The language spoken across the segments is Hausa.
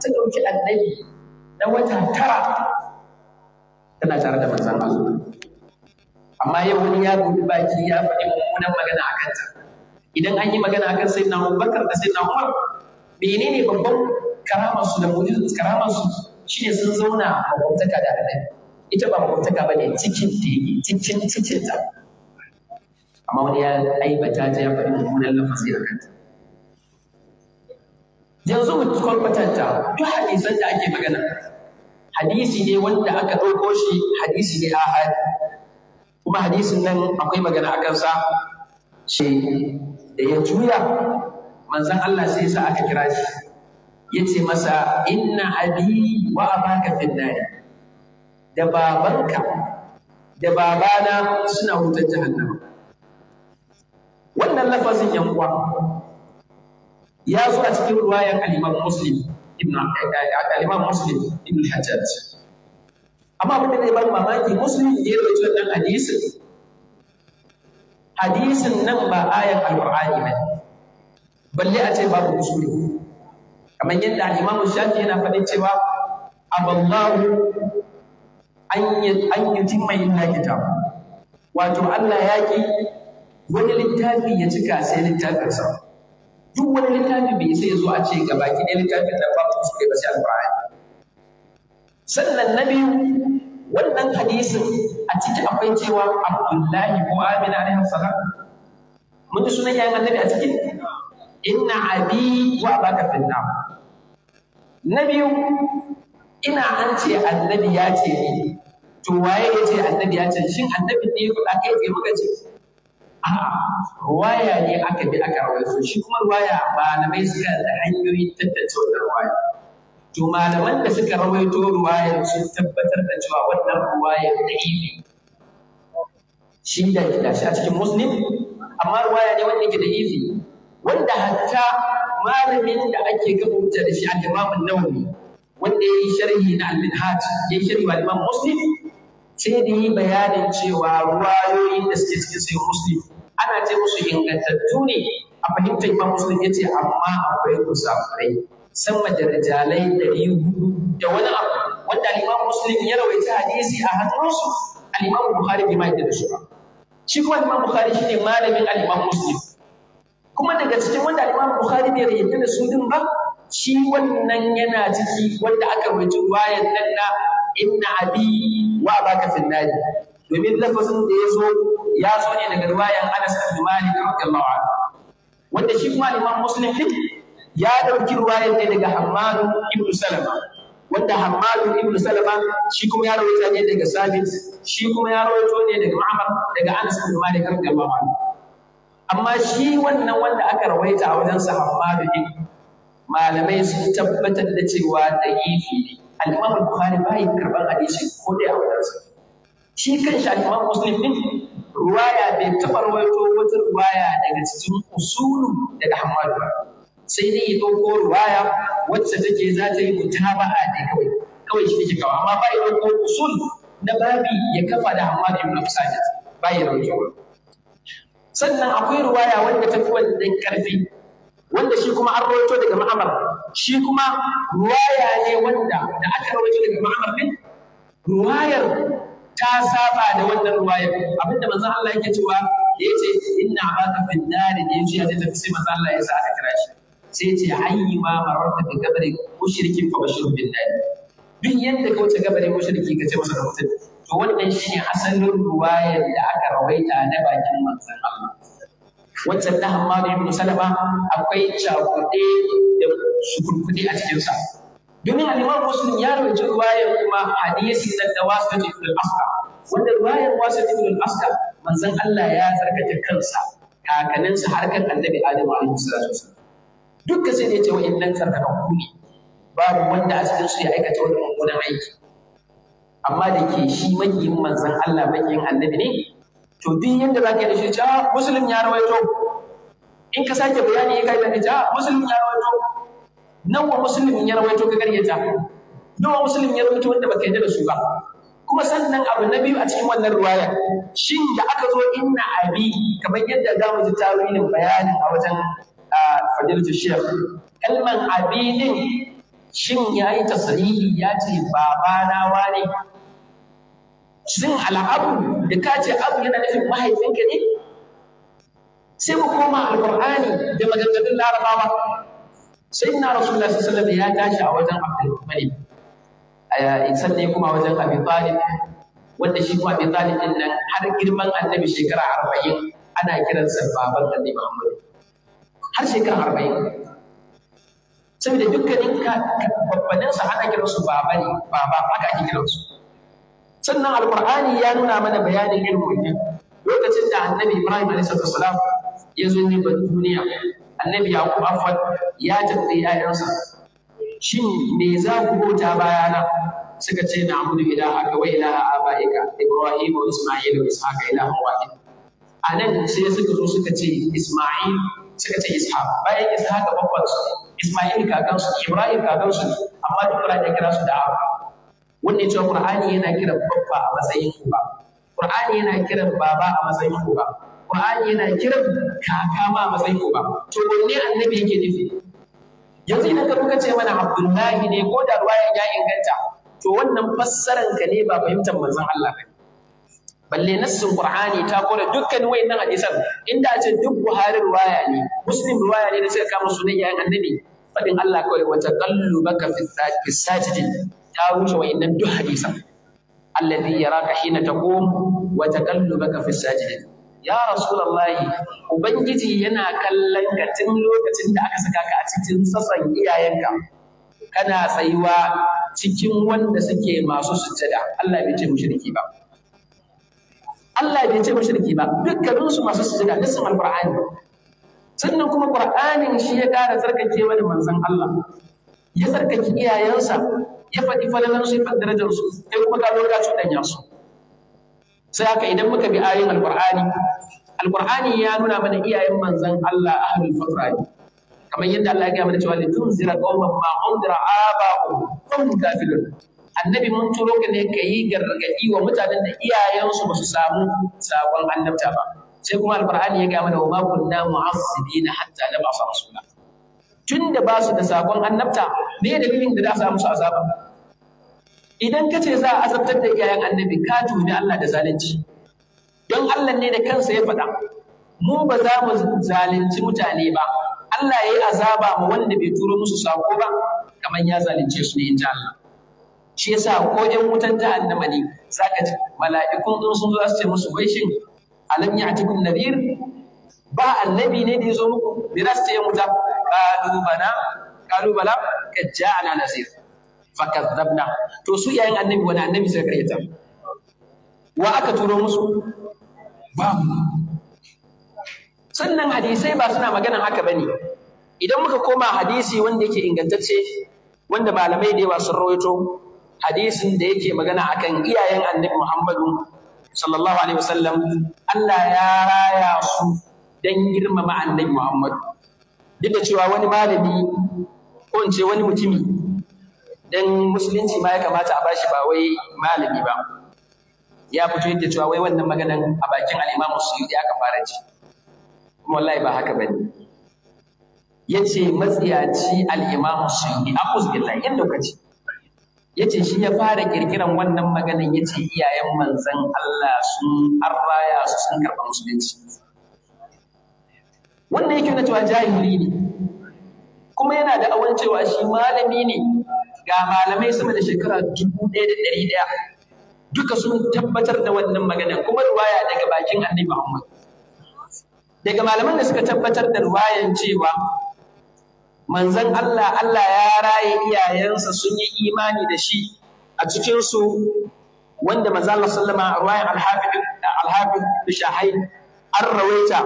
ta ɗauki annabi na wata tara tana tare da manzan Allah amma yau wani ya gobi baki ya faɗi mummunan magana a kanta idan an yi magana kan sai na Abubakar da sai na Umar menene babban karamar su da mujizu karamar su shine sun zauna a bautaka da annabi ita ba bautaka ba ne cikin da yake cikin cikin ta amma wani ya aibata ta ya faɗi mummunan lafazi a kanta yanzu mu kwatanta duk hadisan da ake magana hadisi ne wanda aka ɗauko shi hadisi ne ahad kuma hadisin nan akwai magana a kansa shi da ya juya manzon Allah sai sa aka kira shi yace masa inna abi wa abaka finnari da babanka da babana suna wutar jahannama wannan lafazin yan uwa ya zo a cikin ruwayan al Muslim ibn eh, Muslim ibn hajjaj amma abin da ban mamaki Muslim ne ya rawaito wannan hadisin hadisin nan ba ayan al-Qur'ani ba balle a ce babu usuli kamar yadda al Shafi yana faɗin cewa aballahu an yi jimmai illa kitabu wato Allah ya ki wani littafi ya cika sai littafin sa. duk wani littafi bai sai zo a ce gaba ki ɗaya littafin nan babu kuskure ba sai alƙur'ani sannan na biyu wannan hadisin a ciki akwai cewa abdullahi ko amina alaihi salam mun ji sunan yayin annabi a cikin inna abi wa abaka fil nar na biyu ina an ce annabi ya ce ni to waye ya ce annabi ya ce shin annabi ne ya faɗa kai tsaye muka ce ruwaya ne aka bi aka rawaito shi kuma ruwaya malamai suka da hanyoyin tattace wannan ruwaya to malaman da suka rawaito ruwayar sun tabbatar da cewa wannan da da'ifi shi da da shi a cikin muslim amma ruwaya ne wanda yake da'ifi wanda hatta malamin da ake gabuta da shi al-Imam an-Nawawi wanda yayi sharhi na al-Minhaj yayi sharhi wa imam Muslim sai da yi bayanin cewa ruwayoyin da suke cikin sai muslim ana ce musu ingantattu ne a fahimtar ba muslim ya ce amma akwai kusafurai sama da rijalai ɗari hudu da wani abu wanda imam muslim ya rawaita hadisi a hannunsu al Buhari bai ma'aikata da shi ba shi kuma al buhari shi shine malamin al-imam muslim kuma daga cikin wanda al Buhari bukhari bai rawaita da su din ba shi wannan yana ciki wanda aka rubuta bayan nan na inna abi wa baka fil nari domin lafazin da ya zo ya zo ne daga riwayan Anas bin Malik radiyallahu anhu wanda shi kuma Imam Muslim ya dauki riwayar ne daga Hammad ibn Salama wanda Hammad ibn Salama shi kuma ya rawaita ne daga Sabit shi kuma ya rawaito ne daga Muhammad daga Anas bin Malik radiyallahu anhu amma shi wannan wanda aka rawaita a wajen sa Hammad din malamai sun tabbatar da cewa da'ifi ne al Buhari ba bukhari bai karban hadisi ko da a wajen shi kan shi imam Muslim din ruwaya bai taɓa rawaito wata ruwaya daga cikin usulu daga hamadu. ba sai dai ya ɗauko ruwaya wacce take za ta yi mutaba'a ne kawai kawai shi take kawo amma ba ya ɗauko usul na babi ya kafa da Ahmad ibn Sajid ba ya rawaito sannan akwai ruwaya wanda ta fi wannan ƙarfi wanda shi kuma an rawaito daga ma'amar shi kuma ruwaya ne wanda da aka rawaito daga ma'amar ne ruwayar ta saba da wannan ruwayar abinda manzon Allah yake cewa da yace inna abaka fil nari ne shi da tafi sai manzon Allah ya sa aka kira shi sai ce hayyi ma mararta bi kabari mushrikin fa bashir bin nari duk yadda ka wuce gabarin mushriki ka ce masa da mutum to wannan shine asalin ruwayar da aka rawaita na bakin manzon Allah wancan na da ibn Salama akwai cakuɗe da sukurkuɗe a cikinsa. Domin al'imam Muslim ya rawaita ruwayar kuma hadisi nan da wasu da ibn al-Asqa. Wanda ruwayar wasu da ibn al-Asqa manzon Allah ya zarkata kansa kakaninsa harkar annabi Adamu alaihi salatu Dukkan sai ne innan Babu wanda a cikin su ya aikata wani mummunan aiki. Amma da ke shi makiyin manzon Allah makiyin annabi ne to duk yadda za da shi ja muslim ya rawaito in ka sake bayani ya kai da ja muslim ya rawaito nawa muslim ya rawaito ka ja nawa muslim ya rawaito wanda baka yadda da su ba kuma sannan abu na biyu a cikin wannan ruwaya shin da aka zo inna abi kamar yadda za mu ji tarihin bayani a wajen fadilatu shekh kalman abi din shin ya yi tasarihi ya ce babana wane shin al'abu da ka ce abu yana nufin mahaifinka ne sai mu koma alqur'ani da maganganun larabawa sai na rasulullah sallallahu alaihi wasallam ya tashi a wajen abdul malik insan kuma wajen abi talib wanda shi kuma abi talib din nan har girman annabi shekara 40 ana kiransa baban annabi muhammad har shekara 40 saboda dukkanin babbaninsa ana kiransu baba ne baba aka ake kiransu sannan Alƙur'ani ya nuna mana bayanin irin wannan lokacin da annabi ibrahim alaihi salam ya zo ne duniya annabi yaqub afwan ya tafi ayansa shin me za ku bauta bayana suka ce na abudu ila ka wai ila abaika ibrahim wa isma'il wa ishaq ila wahid anan sai suka zo suka ce isma'il suka ce ishaq bayan ishaq babban su isma'il kakansu ibrahim kakansu ne amma duk da kira su da abu wanda ya ce Qur'ani yana kiran babba a matsayin uba Qur'ani yana kiran baba a matsayin uba Qur'ani yana kiran kaka ma a matsayin uba to wanne annabi yake nufi yanzu idan ka muka ce mana Abdullahi ne ko da ruwaya ya inganta to wannan fassaran ka ne ba fahimtar manzon Allah ba balle nassin Qur'ani ta kore dukkan wayannan hadisan inda a ce duk Buhari ruwaya ne Muslim ruwaya ne da suka kama sunan annabi fadin Allah kawai wata baka fi sajidin ta wuce wa'annan duk hadisan alladhi yaraka hina taqum wa taqallubaka fi sajidin ya rasulullahi ubangiji yana kallon ka tun lokacin da aka saka ka a cikin sassan iyayenka kana tsayuwa cikin wanda suke masu sujjada Allah bai ce mushriki ba Allah bai ce mushriki ba dukkanin su masu sujjada duk sun alqur'ani sannan kuma qur'anin shi ya ƙara tsarkake mana manzon Allah ya tsarkake iyayensa ya faɗi falalan su ya da darajar su kuma ka zo ka cuɗanya su sai haka idan muka bi ayoyin alqur'ani alqur'ani ya nuna mana iyayen manzon Allah ahlul fatra ne kamar yadda Allah ya gaya mana cewa li tunzira qauman ma undira aba'uhum hum kafirun annabi mun turo ka ne ka yi gargaɗi wa mutanen da iyayensu ba su samu sabon annabta ba sai kuma alqur'ani ya gaya mana wa ma kunna mu'azzibina hatta nab'a rasula tun da ba su da sakon annabta da dalilin da za a musu azaba idan ka ce za a azabtar da iyayen annabi ka tuni Allah da zalunci don Allah ne da kansa ya faɗa mu ba za mu zalunci mutane ba Allah ya yi azaba ma wanda bai turo musu sako ba kamar ya zalunce su ne in ji Allah shi yasa ko ɗan wutan jahannama ne zaka ji mala'ikun in sun zo su ce musu wai shin alam ya'tikum nadhir ba annabi ne da ya zo muku me za su ce wuta ƙalubala kalubala ka ja'ana nasir fakadzabna to su iyayen annabi wani annabi suka ta. wa aka turo musu ba. sannan hadisai ba suna maganan haka bane idan muka koma hadisi wanda yake ingantacce wanda malamai da yawa sun rawaito hadisin da yake magana akan iyayen annabi Muhammadu sallallahu alaihi wasallam Allah ya raya su dan girmama annabi Muhammadu duk da cewa wani malami ko in ce wani mutumi dan musulunci ma ya kamata a bashi ba wai malami ba ya fito yadda cewa wai wannan maganan a bakin al'imamu suyuti aka fara ci kuma wallahi ba haka bane ce matsiyaci al'imamu suyuti a uzbillahi yadda kuka ce shi ya fara kirkiran wannan maganan ce iyayen manzan Allah sun arraya su sun karɓa musulunci wanda yake na cewa jahili ne kuma yana da awan cewa shi malami ne ga malamai sama da shekara dubu ɗaya da ɗari ɗaya duka sun tabbatar da wannan magana kuma ruwaya daga bakin annabi Muhammad daga malaman da suka tabbatar da ruwayan cewa manzon Allah Allah ya raye iyayensa sun yi imani da shi a cikin su wanda manzon Allah sallama ruwayan al-hafiz al-hafiz an rawaita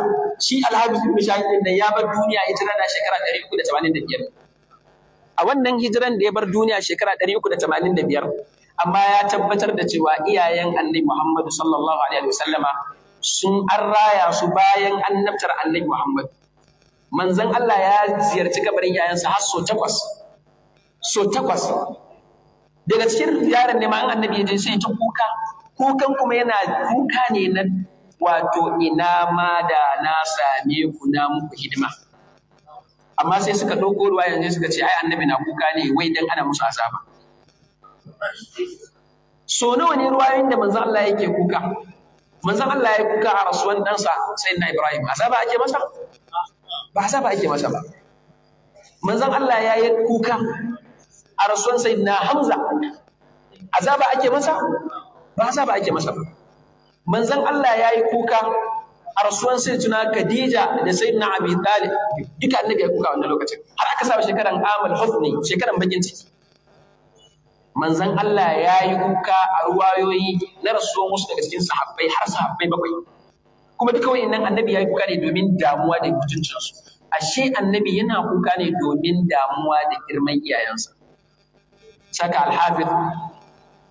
shi alhaji ibn shahid din ya bar duniya hijira na shekara 385 a wannan hijiran da ya bar duniya shekara 385 amma ya tabbatar da cewa iyayen annabi Muhammad sallallahu alaihi wasallama sun an raya su bayan annabtar annabi Muhammad manzon Allah ya ziyarci kabarin iyayensa har so takwas so takwas daga cikin ziyarar ne ma annabi ya je sai ta kuka kukan kuma yana kuka ne na wato ina ma da na same ku na muku hidima amma sai suka ɗauko ruwa yanzu suka ce ai annabi na kuka ne wai dan ana musu azaba so nawa ne ruwa da manzo Allah yake kuka manzo Allah ya kuka a rasuwan sai na Ibrahim azaba ake masa ba azaba ake masa ba manzo Allah ya yi kuka a rasuwan na Hamza azaba ake masa ba azaba ake masa ba manzon Allah ya yi kuka a rasuwan sai tuna Khadija da na Abi Talib duka annabi ya kuka wannan lokacin har aka saba shekaran Amal Husni shekaran bakin ciki manzon Allah ya yi kuka a ruwayoyi na rasuwan wasu daga cikin sahabbai har sahabbai bakwai kuma duka wayannan annabi ya yi kuka ne domin damuwa da mutuncinsu ashe annabi yana kuka ne domin damuwa da girman iyayensa saka alhafiz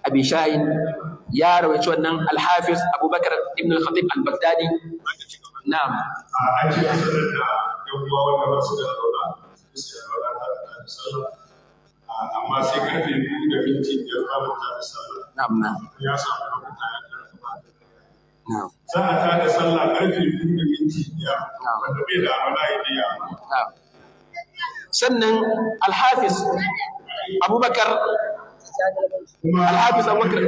abi sha'in ya rawaci wannan al-hafiz abubakar ibn al-khatib al da da da amma sai karfe biyu da minti biyar ba ta da sallah ya samu lokuta ya karfe ba za a ta da sallah karfe biyu da minti biyar wanda bai da amana ya sannan al-hafiz abubakar alhafiz abubakar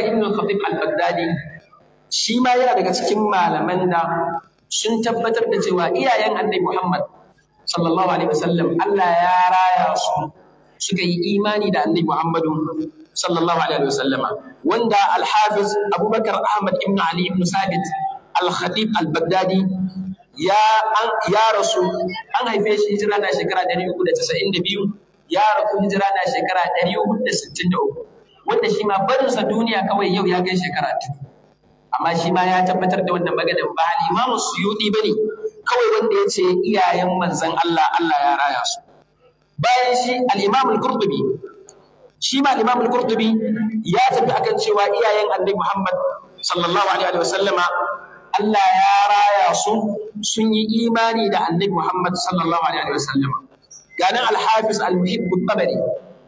Ibnu ba Ibn Khatib al-Baghdadi shi ma yana daga cikin malaman da sun tabbatar da cewa iyayen Annabi Muhammad sallallahu alaihi wasallam Allah ya raya su suka yi imani da annabi Muhammadu sallallahu alaihi wasallama wanda al Abubakar Ahmad ibn Ali ibn Sabit al-Khatib al-Baghdadi ya an ya rasu an haife shi hijira na shekara 392 ya rasu hijira na shekara 463 wanda shi ma barinsa duniya kawai yau ya kai shekara amma shi ma ya tabbatar da wannan maganar ba al-Imam Suyuti bane kawai wanda ya ce iyayen manzon Allah Allah ya raya su bayan shi al-Imam al-Qurtubi shi ma Imam al-Qurtubi ya tafi akan cewa iyayen Annabi Muhammad sallallahu alaihi wa sallama Allah ya raya su sun yi imani da Annabi Muhammad sallallahu alaihi wa sallama ganin al-Hafiz al-Muhibb al-Tabari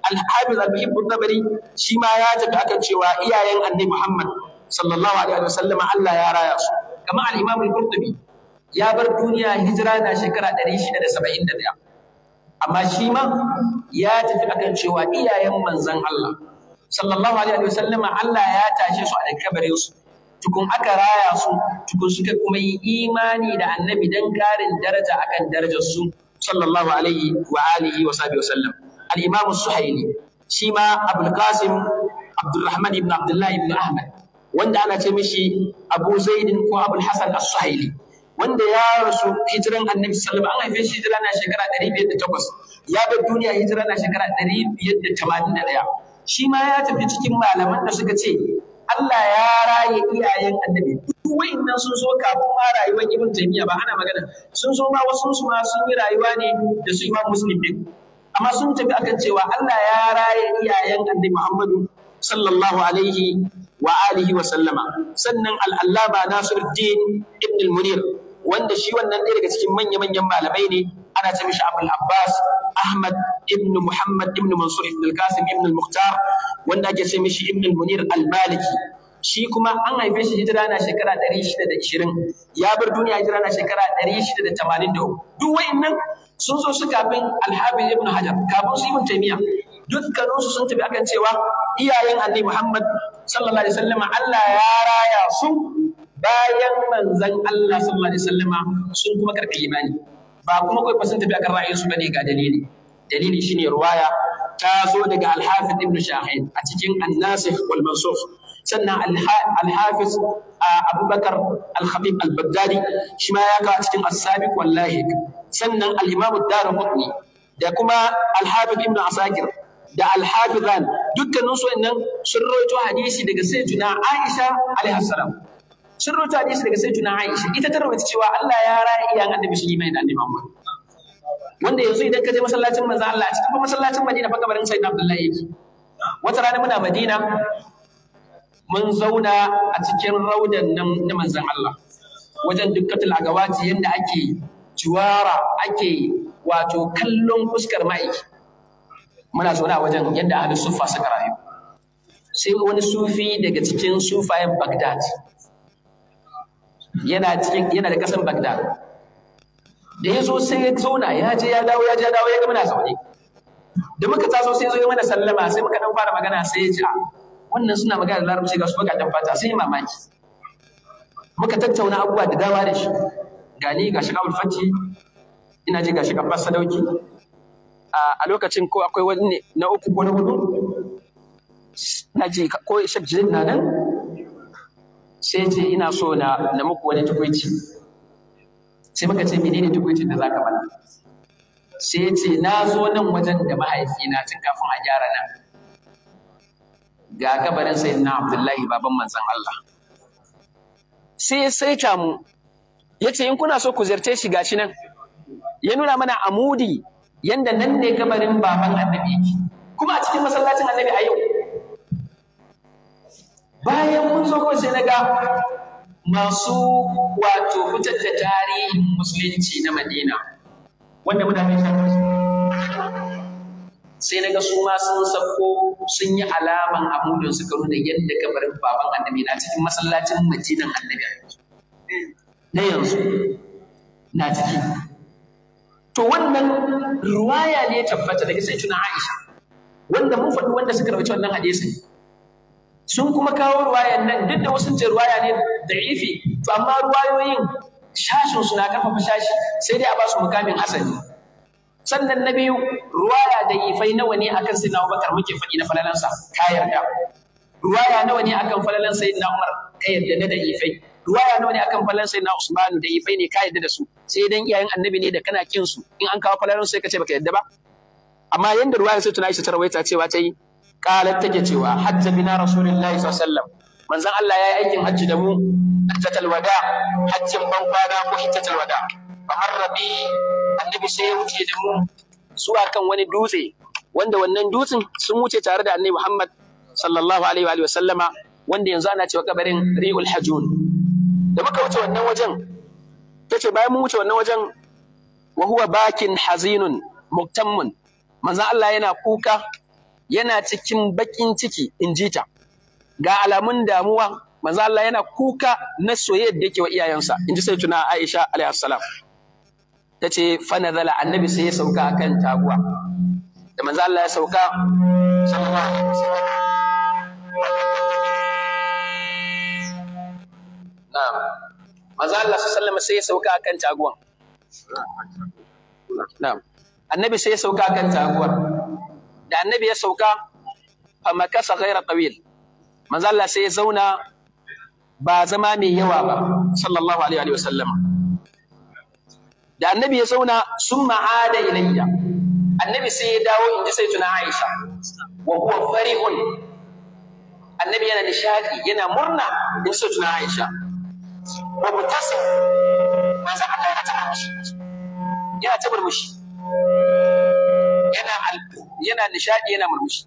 al al-Muhibb tabari shi ma ya tafi akan cewa iyayen Annabi Muhammad sallallahu alaihi wa sallama Allah ya raya su kamar al-Imam al-Qurtubi ya bar duniya hijira na shekara 671 amma shi ma ya tafi akan cewa iyayen manzan Allah sallallahu alaihi wa wasallam Allah ya tashe su a kabarin su tukun aka raya su tukun suka kuma yi imani da annabi dan karin daraja akan darajar su sallallahu alaihi wa alihi wa sahbihi wasallam al-imam suhaili shi ma abul qasim abdurrahman ibn abdullah ibn ahmad wanda ana ce mishi abu zaidin ko abul hasan as-suhaili wanda ya rasu hijiran annabi sallallahu an haife shi hijira na shekara 508 ya bar duniya hijira na shekara 581 shi ma ya tafi cikin malaman da suka ce Allah ya raye iyayen annabi duk wayannan sun so kafin ma rayuwar ibn jamiya ba ana magana sun so ma wasu su ma sun yi rayuwa ne da su imam muslim din amma sun tafi akan cewa Allah ya raye iyayen annabi Muhammadu sallallahu alaihi wa alihi wa sallama sannan al-allama Nasiruddin ibn al-Munir wanda shi wannan ɗaya daga cikin manya-manyan malamai ne ana ce mishi Abul Abbas Ahmad ibn Muhammad ibn Mansur ibn Al-Qasim ibn Al-Mukhtar wanda ake ce mishi ibn Munir Al-Maliki shi kuma an haife shi hijira na shekara 620 ya bar duniya hijira na shekara 683 duk wayannan sun zo su kafin Al-Hafiz ibn Hajar kafin su ibn Taymiyyah dukkaninsu sun tafi akan cewa iyayen Annabi Muhammad sallallahu alaihi wasallam Allah ya raya su bayan manzan Allah sallallahu alaihi wasallama sun kuma karɓi imani ba kuma kai sun tafi akan ra'ayin bane ga dalili dalili shine ruwaya ta zo daga al-Hafiz Ibn Shahid a cikin An-Nasikh wal Mansukh sannan al-Hafiz Abubakar al-Khatib al-Baghdadi shi ma ya kawo cikin As-Sabiq wallahi, sannan al-Imam ad-Darqutni da kuma al-Hafiz Ibn Asakir da al-Hafizan dukkanin nan sun rawaito hadisi daga sayyidina Aisha alaihi salam sun rubuta hadisi daga sayyidina Aisha ita ta rubuta cewa Allah ya raya iyayen annabi shi mai da annabi Muhammad wanda yanzu idan ka je masallacin manzo Allah a cikin masallacin Madina fa kabarin sayyidina Abdullahi yake wata rana muna Madina mun zauna a cikin raudan nan na manzon Allah wajen dukkatul agawaji yanda ake juwara ake wato kallon fuskar ma'aiki muna zaune a wajen yadda ahlus sufa suka rayu sai wani sufi daga cikin sufayen Bagdad. yana cikin yana da kasan bagda da ya zo sai ya zauna ya je ya dawo ya je ya dawo ya ga muna zaune da muka taso sai zo ya mana sallama sai muka dan fara magana sai ya ce ah, wannan suna magana da larabci ga su dan fata sai mamaki muka tattauna abubuwa da dawa da shi ga ni ga shiga ulfati ina ji ga shiga abbas sadauki a lokacin ko akwai wani na uku ko na hudu na ji ko shek na nan sai ce ina so na na muku wani tukuici sai muka ce menene tukuicin da zaka bana sai ce na zo nan wajen da mahaifina tun kafin a gyara nan ga kabarin na Abdullahi baban manzon Allah sai ya saita mu ya ce in kuna so ku ziyarce shi gashi nan ya nuna mana amudi yanda nan ne kabarin baban annabi yake kuma a cikin masallacin annabi a yau bayan mun zo sai na ga masu wato fitar da tarihin musulunci na madina wanda muna mai sai na ga su ma sun sako sun yi alaman amudin suka nuna yadda kabarin baban annabi na cikin masallacin madinan annabi na yanzu na ciki to wannan ruwaya ne tabbata daga sai tuna aisha wanda mun faɗi wanda suka rubuta wannan hadisin sun kuma kawo ruwayan nan duk da wasu ce ruwaya ne ifi to amma ruwayoyin shashin suna na karfafa shashi sai dai a basu mukamin asali sannan na biyu ruwaya ifai nawa ne akan sayyidina Abubakar muke faɗi na falalansa ka yarda ruwaya nawa ne akan falalan sayyidina Umar ka yarda da ifai ruwaya nawa ne akan falalan sayyidina Usman ifai ne ka yarda da su sai dan iyayen annabi ne da kana kin su in an kawo falalan sai ka ce baka yarda ba amma yanda ruwaya sai tuna Aisha ta rawaita cewa ta yi qalat take cewa hajja bina rasulullahi sallallahu alaihi wasallam manzon Allah yayi aikin hajji da mu hajjatul wada hajjin ban kwana ko hajjatul wada kamar rabi annabi sai ya wuce da mu zuwa kan wani dutse wanda wannan dutsen sun wuce tare da annabi Muhammad sallallahu alaihi wa sallama wanda yanzu ana cewa kabarin Ri'ul Hajun da muka wuce wannan wajen tace bayan mun wuce wannan wajen wa bakin hazinun muktammun manzon Allah yana kuka yana cikin baƙin ciki in ji ta ga alamun damuwa manzo Allah yana kuka na soyayyar da yake wa iyayensa in ji sai tuna Aisha alaihi salam tace fa nazala annabi sai ya sauka akan taguwa da manzo Allah ya sauka sallallahu alaihi wasallam na'am manzo Allah sallallahu sai ya sauka akan taguwan na'am annabi sai ya sauka a kan taguwar da annabi ya sauka fa makasa ghaira tawil manzo Allah sai ya zauna ba zama mai yawa ba sallallahu alaihi wa sallama. da annabi ya zauna sun ma'ada ilayya annabi sai ya dawo inji sai tuna Aisha wa huwa farihun annabi yana nishadi yana murna in sai tuna Aisha wa mutasim manzo Allah ya taba mishi yana ta murmushi yana yana nishadi yana murmushi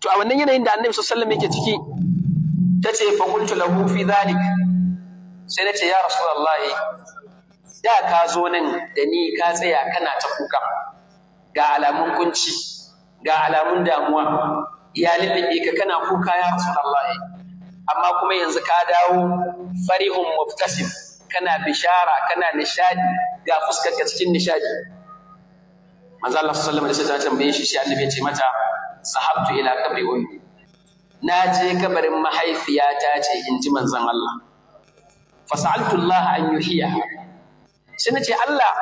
to a wannan yanayin da annabi sallallahu alaihi wasallam yake ciki tace fa qultu lahu fi dhalik sai nace ya rasulullahi da ka zo nan da ni ka tsaya kana ta kuka ga alamun kunci ga alamun damuwa ya lullube ka kana kuka ya rasulullahi amma kuma yanzu ka dawo farihun muftasim kana bishara kana nishaɗi, ga ka cikin nishaɗi. manzo Allah sallallahu alaihi wasallam ta tambaye shi sai annabi ce mata sahabtu ila kabri ummi na je kabarin mahaifiyata ce in ji manzon Allah fa sa'altu Allah an yuhiya sai nace Allah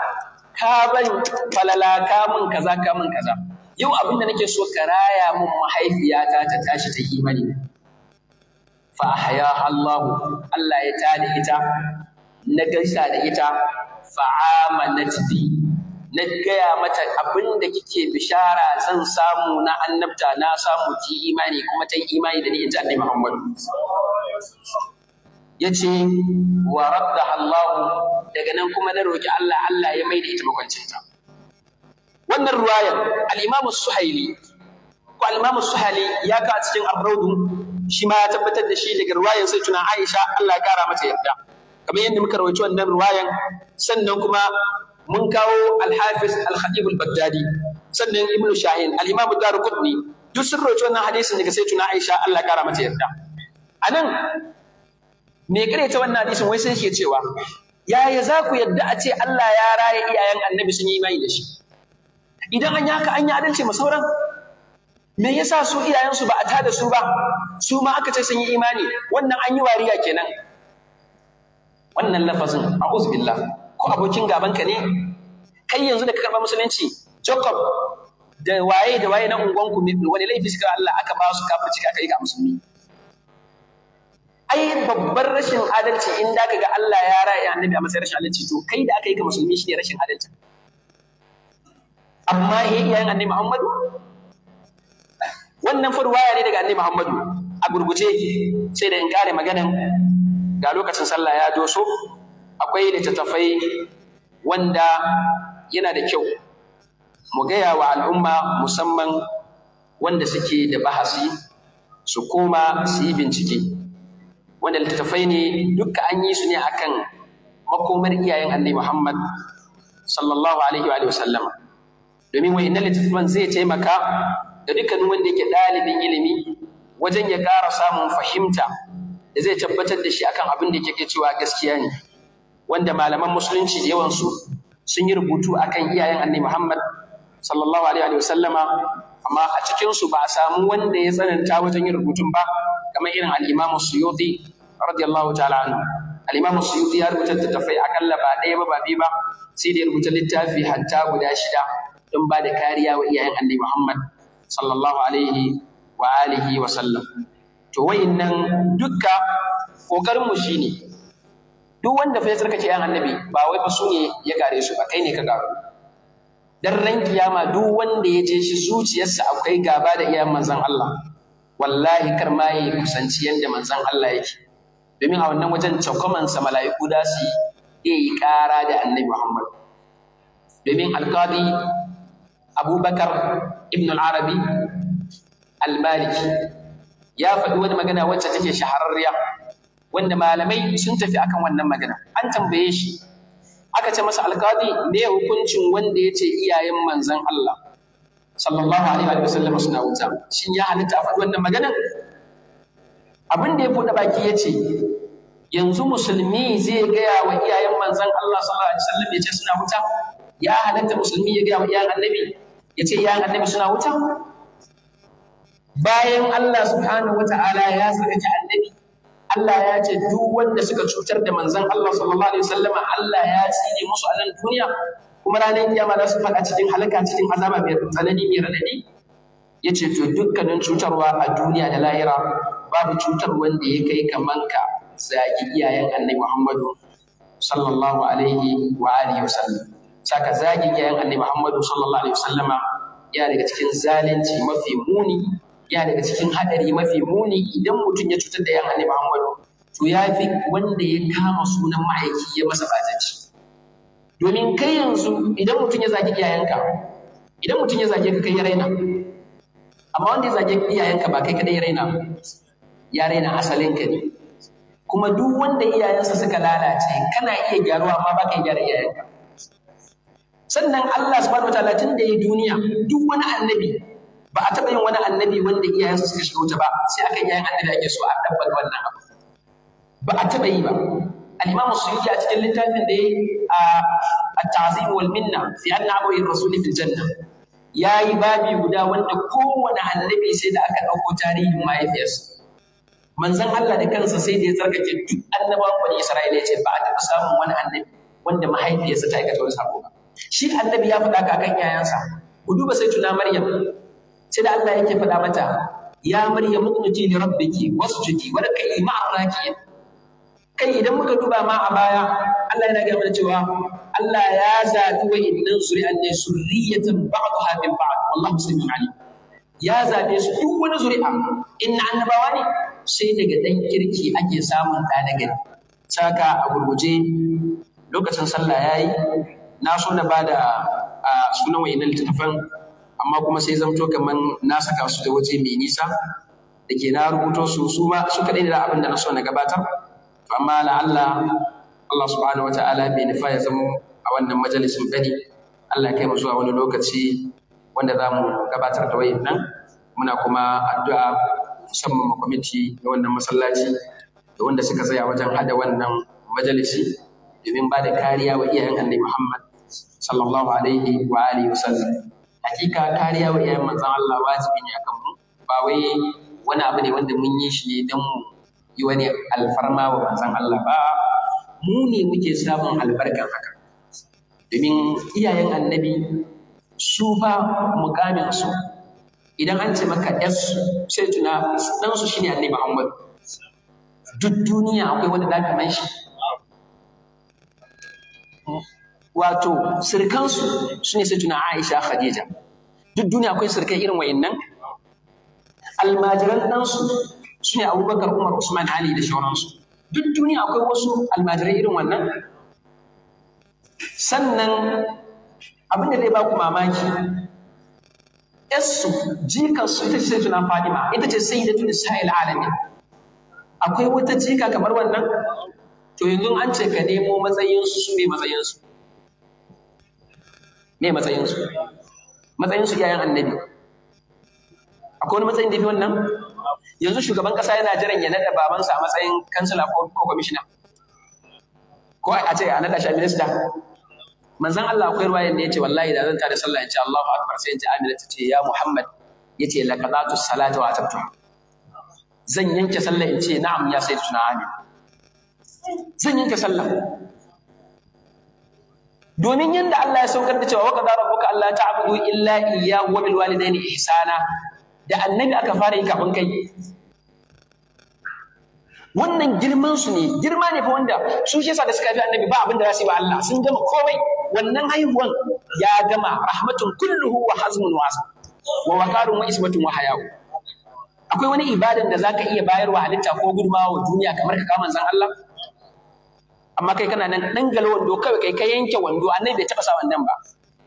ka ban falala ka mun kaza ka mun kaza yau abinda nake so ka raya mun mahaifiyata ta tashi ta imani fa ahya Allah Allah ya tada ita na gaisa da ita fa amanat bi na gaya mata abin da kike bishara zan samu na annabta na samu ki imani kuma ta imani da ni in ji annabi Muhammadu ce, wa rabda, Allahu! daga nan kuma na roƙi Allah Allah ya mai da ita ta. wannan ruwayar al-Imam Suhaili ko al Suhaili ya ka cikin Ar-Rawdu shi ma ya tabbatar da shi daga ruwayar sai tuna Aisha Allah ya kara mata yarda kamar yadda muka rawaito wannan ruwayan sannan kuma mun kawo al alhadibul al baghdadi sannan ibnu shahin al-imam ad duk sun roci wannan hadisin daga sai tuna aisha Allah kara mata yarda anan me ta wannan hadisin wai sai yake cewa yaya za ku yarda a ce Allah ya raye iyayen annabi sun yi imani da shi idan an yi haka an yi adalci ma sauran me yasa su iyayensu ba a tada su ba su ma aka ce sun yi imani wannan an yi wariya kenan wannan lafazin a'uz billah ko abokin gabanka ne kai yanzu da ka karba musulunci Jacob da waye da waye na unguwanku wani laifi suka Allah aka ba su kafirci ka kai ga musulmi ai babbar rashin adalci in da ka ga Allah ya raya annabi a matsayin rashin adalci to kai da aka yi ka musulmi shine rashin adalci amma eh iyayen annabi Muhammadu wannan furwaya ne daga annabi Muhammadu a gurguce sai da in kare maganan ga lokacin sallah ya doso akwai littattafai wanda yana da kyau mu gaya wa al'umma musamman wanda suke da bahasi su koma su yi bincike wanda littattafai ne duka an yi su ne akan makomar iyayen annabi Muhammad sallallahu alaihi wa sallama domin na littattafan zai taimaka da dukkanin wanda yake ɗalibin ilimi wajen ya ƙara samun fahimta da zai tabbatar da shi akan abin da yake cewa gaskiya ne wanda malaman musulunci da yawansu sun yi rubutu akan iyayen annabi Muhammad sallallahu alaihi wa sallama amma a cikinsu ba a samu wanda ya tsananta wajen yin rubutun ba kamar irin al-Imam Suyuti radiyallahu ta'ala anhu al-Imam Suyuti ya rubuta littattafai akalla ba ɗaya ba ba biyu ba sai da ya rubuta littafi hatta guda shida don ba da kariya wa iyayen annabi Muhammad sallallahu alaihi wa alihi wa sallam to wayannan dukka kokarin mu shine duk wanda fa ya tsarkake ƴan annabi ba wai fa su ne ya gare su ba kai ne ka gare. dan ran kiyama duk wanda ya je shi zuciyarsa akwai gaba da iyayen manzon Allah wallahi kar ma ya kusanci yanda manzon Allah yake domin a wannan wajen sa mala'iku da su yi ƙara da annabi Muhammad domin alƙadi abubakar ibn al-arabi al-maliki ya faɗi wani magana wacce take shahararriya wanda malamai sun tafi akan wannan magana an tambaye shi aka ce masa alkadi me hukuncin wanda ya ce iyayen manzon Allah sallallahu alaihi wa sallam suna wuta shin ya halitta a faɗi wannan maganan abin da ya buɗe baki ya ce yanzu musulmi zai gaya wa iyayen manzon Allah sallallahu alaihi wa sallam ya ce suna wuta ya halitta musulmi ya gaya wa iyayen annabi ya ce iyayen annabi suna wuta bayan Allah subhanahu wa ta'ala ya tsarkake annabi Allah ya ce duk wanda suka cutar da manzon Allah sallallahu alaihi wasallama Allah ya tsine musu a nan duniya kuma ranar kiyama za su faɗa cikin halaka cikin azaba mai tsanani mai radadi ya ce to dukkanin cutarwa a duniya da lahira babu cutar wanda ya kai kaman ka zagi iyayen annabi Muhammadu sallallahu alaihi wa alihi wasallam saka zagin iyayen annabi Muhammadu sallallahu alaihi wasallama ya daga cikin zalunci mafi muni ya daga cikin haɗari mafi muni idan mutum ya cutar da yan annabi Muhammadu to ya fi wanda ya kama sunan ma'aiki ya masa bazaci domin kai yanzu idan mutum ya zagi iyayenka idan mutum ya zage ka kai ya raina amma wanda ya zage iyayenka ba kai kadai ya raina ya raina asalin ka ne kuma duk wanda iyayensa suka lalace kana iya gyaruwa amma ba ka gyara iyayenka sannan Allah subhanahu wataala tun da ya duniya duk wani annabi ba a taɓa yin wani annabi wanda iyayensa suka shiga wuta ba sai aka yi yayin annabi ake so a tabbata wannan abu ba a taɓa yi ba al-imamu suyuti a cikin littafin da ya a at-ta'zim wal minna fi anna abu rasul janna yayi babi guda wanda kowane annabi sai da aka ɗauko tarihin mahaifiyarsa manzon Allah da kansa sai da ya tsarkake duk annabawan bani Isra'ila ya ce ba a taɓa samun wani annabi wanda mahaifiyarsa ta aikata wani sako ba shi annabi ya faɗa ka akan yayansa ku duba sai tuna Maryam sai da Allah yake faɗa mata ya marya muqnuti li rabbiki wasjudi wa rak'i ma'a raki'in kai idan muka duba ma a baya Allah yana gaya mana cewa Allah ya zaɓi wa innan zuri'an ne zurriyatan ba'daha min ba'd wallahu samiu alim ya zaɓe su duk wani zuri'a inna annabawa ne sai daga dan kirki ake samun ɗa na gari saka a gurguje lokacin sallah yayi na so na bada sunan wa'innan littattafan amma kuma sai zamto kaman na saka su da waje mai nisa da ke na rubuto su su ma su kaɗai da abin da na so na gabatar amma la Allah Allah subhanahu wa ta'ala bai nufa ya zama a wannan majalisin bane Allah kai mu zuwa wani lokaci wanda za mu gabatar da wayin nan muna kuma addu'a musamman kwamiti da wannan masallaci da wanda suka tsaya wajen hada wannan majalisi domin ba da kariya wa iyayen annabi Muhammad sallallahu alaihi wa alihi wasallam hakika kariya wa iyayen manzon Allah wajibi ne akan mu ba wai wani abu ne wanda mun yi shi ne don mu yi wani alfarma wa manzon Allah ba mu ne muke samun albarkan haka domin iyayen annabi su ba mukamin su idan an ce maka yarsu sai tuna dan su shine annabi Muhammad duk duniya akwai wanda da shi wato sirkansu su ne sai tuna Aisha Khadija duk duniya akwai sirkai irin wayannan almajiran ɗansu su ne Abubakar Umar Usman Ali da shauransu duk duniya akwai wasu almajirai irin wannan sannan abin da zai ba ku mamaki Yassu jikansu ita ce sai tuna Fadima ita ce sai da tuna sa'il alamin akwai wata jika kamar wannan to yanzu an ce ka nemo matsayinsu su ne matsayinsu me matsayinsu matsayinsu iyayen annabi akwai wani matsayin da fi wannan yanzu shugaban kasa yana jiran ya nada babansa a matsayin kansila ko kwamishina ko a ce a nada shi minista manzon Allah akwai ruwayan ne yace wallahi da zan tada sallah yace Allahu akbar sai yace Amina tace ya Muhammad yace laqadatu salatu wa atabtu zan yanke sallah in ce na'am ya sayyiduna Amina zan yanke sallah domin yadda Allah ya saukar da cewa wa qadara rabbuka alla ta'budu illa iyyahu wa bil walidayni sana, da annabi aka fara yi kafin kai wannan girman ne girma ne fa wanda su shi yasa da suka fi annabi ba abin da za su yi ba Allah sun gama komai wannan haihuwan ya gama rahmatun kulluhu wa hazmun wasa wa waqarun wa ismatun wa hayau akwai wani ibadan da zaka iya bayarwa halitta ko gudumawa wa duniya kamar ka kaman zan Allah amma kai kana nan dan galo wando kawai kai ka yanke wando annai bai taba sa wannan ba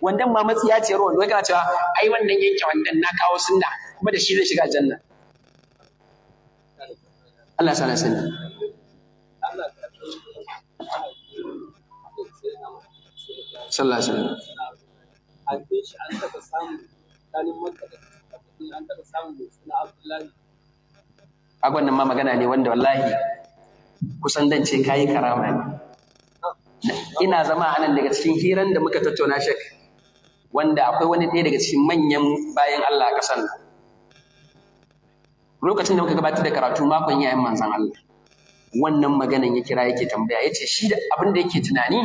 wandan ma matsiya ce ruwan wai kana cewa ai wannan yanke wandan na kawo sunna kuma da shi zai shiga janna Allah sana sani Allah alaihi wasallam an taba a wannan ma magana ne wanda wallahi kusan dan ce kayi karama ne ina zama a nan daga cikin hiran da muka tattauna shek wanda akwai wani ɗaya daga cikin manyan bayan Allah a ƙasar lokacin da muka gabatar da karatu makon yayin manzan Allah wannan maganan ya kira yake tambaya ya ce shi da abin da yake tunani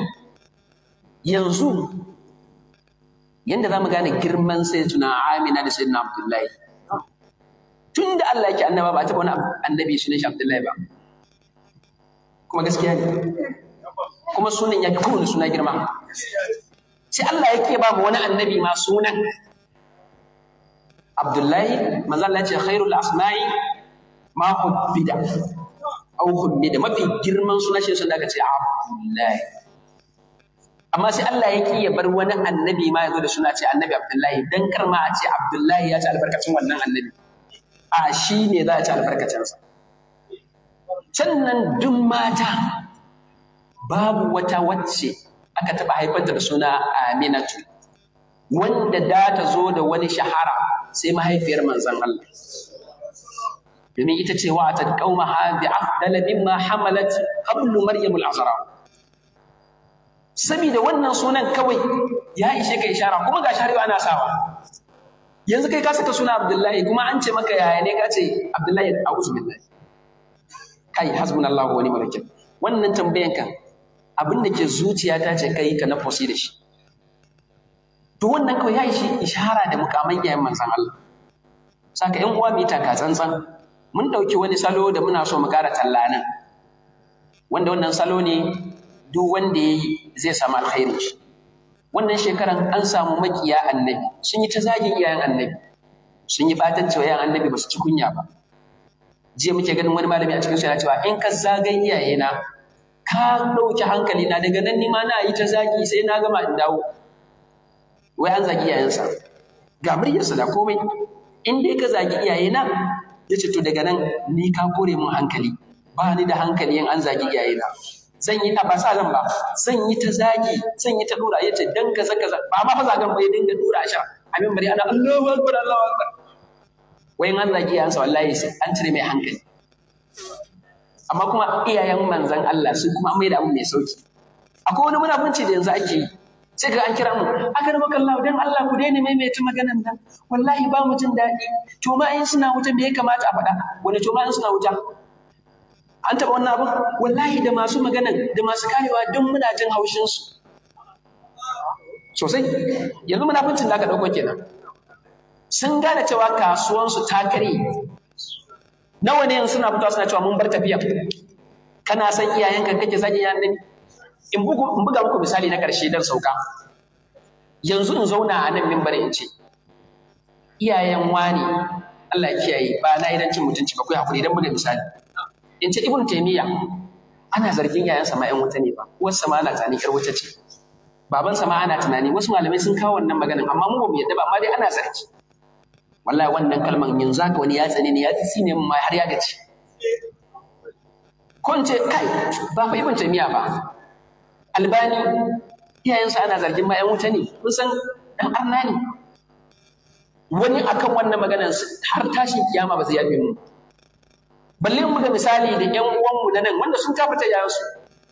yanzu yanda za mu gane girman sai tuna amina da sayyidina abdullahi tun da Allah yake annaba ba a taɓa wani annabi sunan shi abdullahi ba kuma gaskiya ne kuma sunan ya fi kowane suna girma sai Allah yake ba wani annabi ma sunan Abdullahi manzo Allah ya ce khairul asma'i ma hubbida aw hubbida mafi girman suna shi sun da ce Abdullahi amma sai Allah ya ki ya bar wani annabi ma yazo da suna ce annabi Abdullahi dan karma a ce Abdullahi ya ci albarkacin wannan annabi a shi ne za a ci albarkacinsa sannan duk mata babu wata wacce aka taɓa haifanta da suna aminatu wanda da ta zo da wani shahara sai mahaifiyar manzan Allah domin ita ce wa ta kauma ha bi afdala mimma hamalat hablu maryam al-azra wannan sunan kawai ya ishe ka ishara kuma ga shari'a ana sawa yanzu kai ka saka suna Abdullahi kuma an ce maka yaya ne ka ce Abdullahi a'udhu billahi kai hasbun Allah wani wani wannan tambayan ka abin da ke zuciya ta ce kai ka na fosi da shi to wannan kawai ya shi ishara da mukamman yayin manzan Allah saka yan uwa mita ka tsantsan mun dauki wani salo da muna so mu kara talla nan wanda wannan salo ne duk wanda yayi zai samu alkhairin wannan shekaran an samu makiya annabi sun yi ta zagin iyayen annabi sun yi batanci cewa iyayen annabi ba su ci kunya ba jiya muke ganin wani malami a cikin su yana cewa in ka zagan iyayena ka ɗauki hankali na daga nan nima na yi ta zaki sai na gama in dawo wai an zagi iyayensa ga muryarsa da komai in dai ka zagi iyayena ya ce to daga nan ni ka kore mun hankali ba ni da hankali in an zagi iyayena zan yi ta ba sa zan ba zan yi ta zagi zan yi ta dura ya ce dan kaza zaka ba ma fa zagan ba ya dinga dura sha abin bari ana Allahu akbar Allahu akbar wai an zagi yansa wallahi an cire mai hankali amma kuma iyayen manzan Allah su kuma mai da abu mai sauki akwai wani munafunci da yanzu ake yi sai ga an kira mu aka raba kallahu dan Allah ku daina maimaita maganan nan wallahi ba mu jin daɗi to ma in suna wuta me ya kamata a faɗa wani to ma in suna wuta an taɓa wannan abin wallahi da masu maganan da masu karewa don muna jin haushinsu sosai yanzu munafuncin da aka ɗauko kenan sun gane cewa kasuwansu ta kare nawa ne suna fitowa suna cewa mun bar tafiya kana san iyayenka kake zagin ya nabi in buga muku misali na karshe dan sauka yanzu in zauna a nan minbar in ce iyayen wani Allah ya kiyaye ba na idan cin mutunci ba ku hakuri idan buga misali in ce ibn taymiya ana zargin iyayen ma 'yan wuta ne ba Wasu sama ana tsanin kar wuta ce babansa ma ana tunani wasu malamai sun kawo wannan maganin amma mu ba mu yadda ba amma dai ana zargi wallahi wannan kalman yanzu haka wani ya tsane ne ya tsine min ma har ya gaci kun ce kai ba fa ibn tamiya ba albani iyayensa ana zargin ma 'yan wuta ne kun san dan arna ne wani akan wannan maganar har tashin kiyama ba zai yafe mu balle mu da misali da ƴan mu na nan wanda sun kafata yayansu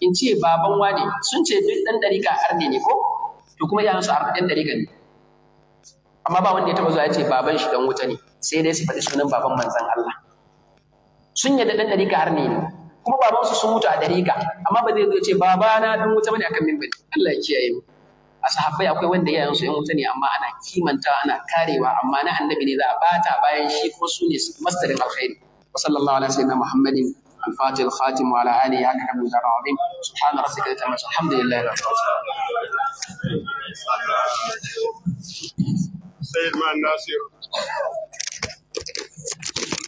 in ce baban wane sun ce duk ɗan dariƙa arne ne ko to kuma yayansu dan dariƙa ne amma ba wanda ya taba zuwa ya ce baban shi dan wuta ne sai dai su faɗi sunan baban manzon Allah sun yadda dan dariƙa har ne kuma baban su sun mutu a dariƙa amma ba zai zo ya ce babana dan wuta bane akan minbari Allah ya kiyaye mu a sahabbai akwai wanda yayan su yan wuta ne amma ana kimanta ana karewa amma na annabi ne za a bata bayan shi kuma su ne masdarin alkhairi wa sallallahu alaihi sallam muhammadin الفاتح الخاتم وعلى آله يا كرم العظيم سبحان ربك الحمد لله رب العالمين Save man nation.